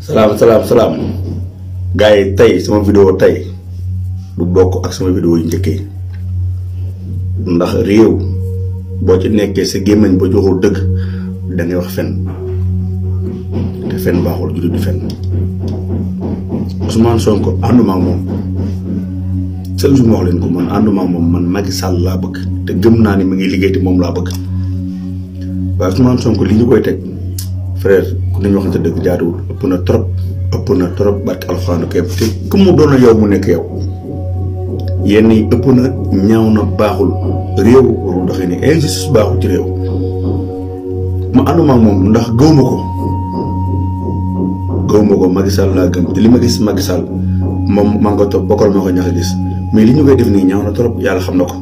salaam salaam salaam gars yi tey sama vidéo tey du bokk ak sama vidéo yu ndax réew boo ci nekkee sa gémmañ ba joxul dëgg da wax fen te fen baaxul jullit di fen Ousmane Sonko ànduma ak moom chaque jour ma wax leen ko man ànduma moom man Macky Sall laa bëgg te gëm naa ni mi ngi liggéey te moom laa bëgg waaye Ousmane Sonko li ñu koy teg. frère nañu waxante dëgg jaaduwul ëpp na trop ëpp na trop barke alxuraan kay te ku mu doon yow mu nekk yow yenn yi ëpp na ñaaw na baaxul réew warul doxee ni injustice baaxul ci réew ma ànduma moom ndax gëw ko gëw ma ko Macky Sall laa gëm te li ma gis Macky Sall moom maa bokkal ma ko ñax a gis mais li ñu koy def nii ñaaw na trop yàlla xam na ko